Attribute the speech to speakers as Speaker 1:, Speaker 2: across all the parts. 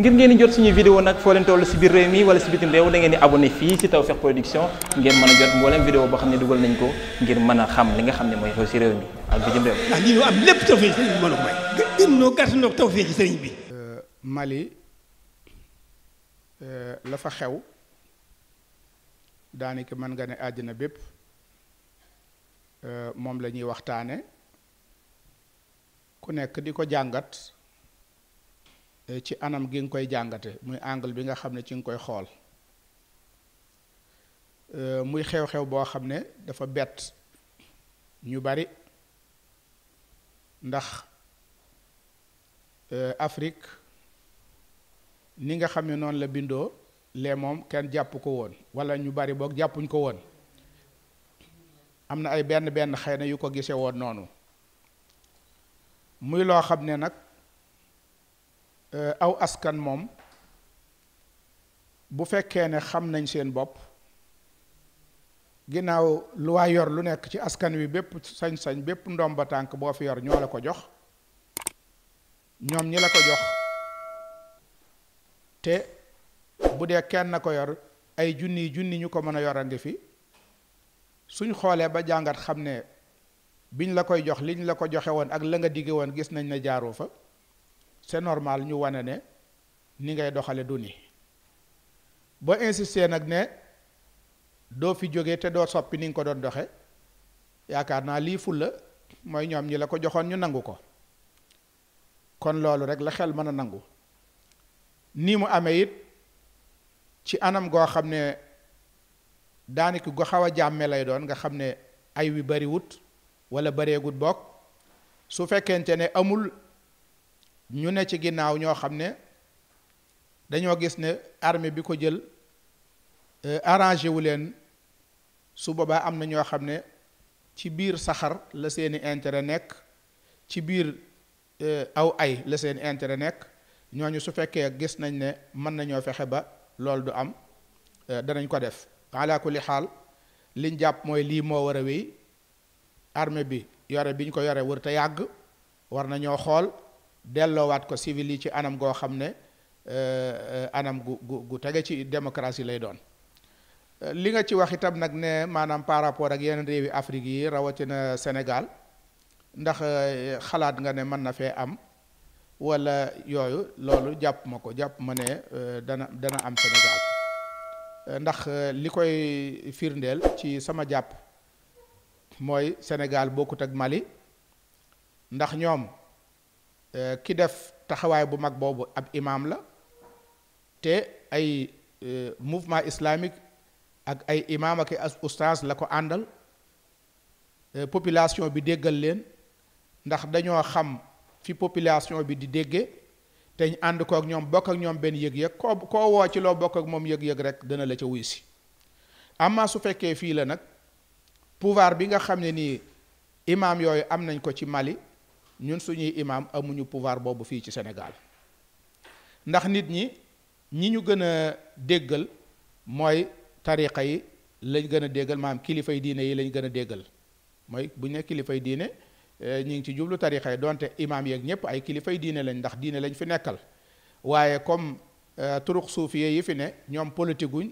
Speaker 1: ngir ngeen jot suñu vidéo nag foo leen toll si biir réew mi wala si bitim réew da ngeen di abonné fii si Tawfekh Production ngeen mën a jot mboolem vidéo boo xam ne dugal nañ ko ngir mën a xam li nga xam ne mooy xew si réew mi ak bi mën a may. gën noo gàtt noo tawfeex sëriñ bi. Euh, Mali euh, la fa xew daanaka mën nga ne àddina bépp euh, moom la ñuy waxtaane ku nekk di ko jàngat. ci anam gi nga koy jàngate muy angle bi nga xam ne ci nga koy xool euh, muy xew-xew boo xam ne dafa bett ñu bari ndax euh, Afrique ni nga xam ne noonu la bindoo lee moom kenn jàpp ko woon wala ñu bari boog jàppuñ ko woon am na ay benn benn xëy na yu ko gisee woon noonu muy loo xam ne nag Euh, aw askan moom bu fekkee ne xam nañ seen bopp ginnaaw lu waa yor lu nekk ci askan wi bépp sañ-sañ bépp ba tànk boo fi yor ñoo la ko jox ñoom ñi la ko jox te bu dee kenn ko yor ay junni junni ñu ko mën a yor ngi fi suñ xoolee ba jàngat xam ne biñ la koy jox liñ la ko joxe woon ak la nga digge woon gis nañ ne jaaroo fa c'est normal ñu wane ne ni ngay doxale du ni boo insister nag ne doo fi jógee te doo soppi ni nga ko doon doxe yaakaar naa lii ful la mooy ñoom ñi la ko joxoon ñu nangu ko kon loolu rek la xel mën a nangu nii mu amee it ci anam goo xam ne daanaka gu xaw a jàmme lay doon nga xam ne ay wi bariwut wala bareegut bokk su fekkente ne amul ñu ne ci ginnaaw ñoo xam ne dañoo gis ne armée bi ko jël euh, arrangé wu leen su boobaa am na ñoo xam ne ci biir saxar la seeni intérêt nekk ci biir euh, aw ay la seeni intérêt nekk ñooñu su fekkee gis nañ ne mën nañoo fexe ba loolu du am euh, danañ ko def ala kulli xaal liñ jàpp mooy lii moo war a wéy armée bi yore biñ ko yore wër te yàgg war nañoo xool delloowaat ko civil yi ci anam goo xam ne euh, euh, anam gu gu tege ci démocratie lay doon euh, li nga ci wax itam nag ne maanaam par rapport ak yeneen réewi Afrique yi rawatina Sénégal ndax xalaat nga ne mën na fee am wala yooyu loolu jàpp ma ko jàpp ma ne dana dana am Sénégal ndax li koy firndeel ci sama jàpp mooy Sénégal bokkut ak Mali ndax ñoom. Eh, ki def taxawaay bu mag boobu ab imaam la te ay eh, mouvement islamique ak ay imaam ak as ustaas la ko àndal eh, population bi déggal leen ndax dañoo xam fi population bi di déggee te ñu ànd kook ñoom bokk ak ñoom benn yëg-yëg koo koo woo ci loo bokk ak moom yëg-yëg rek dana la ca wuy si amma su fekkee fii la nag pouvoir bi nga xam ne nii imaam yooyu am nañ ko ci Mali ñun suñuy imaam amuñu pouvoir boobu fii ci Sénégal ndax nit ñi ñi ñu gën a déggal mooy tariqa yi lañ gën a déggal maam kilifay diine yi lañ gën a déggal mooy bu ñu ne kilifay diine eh, ñu ngi ci jublu tariqa yi donte imaam yeeg ñëpp ay kilifay diine lañ ndax diine lañu fi nekkal waaye comme eh, turuq suufiye yi fi ne ñoom politique guñ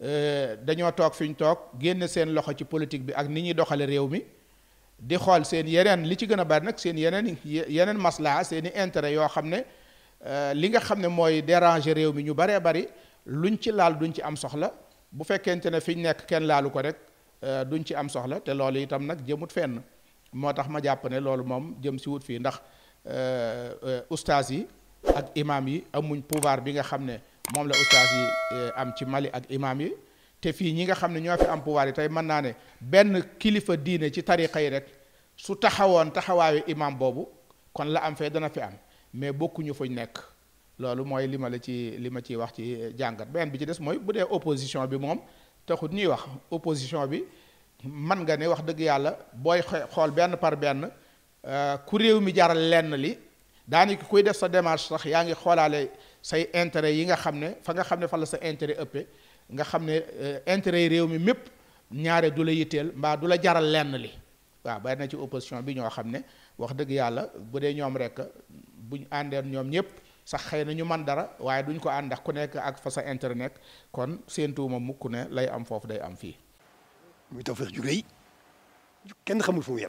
Speaker 1: eh, dañoo toog fi ñu toog génn seen loxo ci politique bi ak ni ñuy doxale réew mi di xool seen yeneen li ci gën a bari nag seen yeneen yeneen maslaa seen i intérêt yoo xam ne euh, li nga xam ne mooy déranger réew mi ñu baree bari luñ ci laal duñ ci am soxla bu fekkente ne fi ñu nekk kenn laalu ko rek euh, duñ ci am soxla te loolu itam nag jëmut fenn moo tax ma jàpp ne loolu moom jëm si wut fii ndax euh, ustaas yi ak imaam yi amuñ pouvoir bi nga xam ne moom la ustaas yi am ci Mali ak imaam yi. te fii ñi nga xam ne ñoo fi am pouvoir tey mën naa ne benn kilifa diine ci tariqa yi rek su taxawoon taxawaayu imam boobu kon la am fee dana fi am mais bokkuñu ñu nekk loolu mooy li ma la ci li ma ciy wax ci jàngat beneen bi ci des mooy bu dee opposition bi moom taxut ñuy wax opposition bi man nga ne wax dëgg yàlla booy xool benn par benn euh, ku réew mi jaral lenn li daanaka kuy def sa démarche sax yaa ngi xoolaale say intérêt yi nga xam ne fa nga xam ne fa la sa intérêt ëppee nga xam ne euh, intérêt yi réew mi mépp ñaare du la yitteel mbaa du la jaral lenn li waaw bari na ci opposition bi ñoo xam ne wax dëgg yàlla bu dee ñoom rek buñ àndeen ñoom ñëpp sax xëy na ñu man dara waaye duñ ko ànd ndax ku nekk ak fa sa intérêt nekk kon séentuwuma mukk ne lay am foofu day am fii. muy Tawfekh ju rëy kenn xamul fu mu